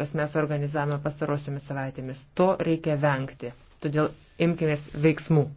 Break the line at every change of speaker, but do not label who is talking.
kas mes organizavome pastarosiomis savaitėmis. To reikia vengti. Todėl imkime veiksmų.